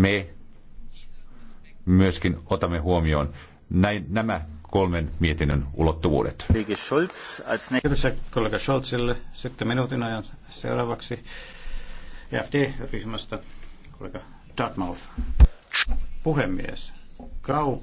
me myöskin otamme huomioon näin, nämä kolmen mietinnön ulottuvuudet. Kiitos kollega Scholzille. Sitten minuutin ajan seuraavaksi FD-ryhmästä kollega Dartmouth. Puhemies, kau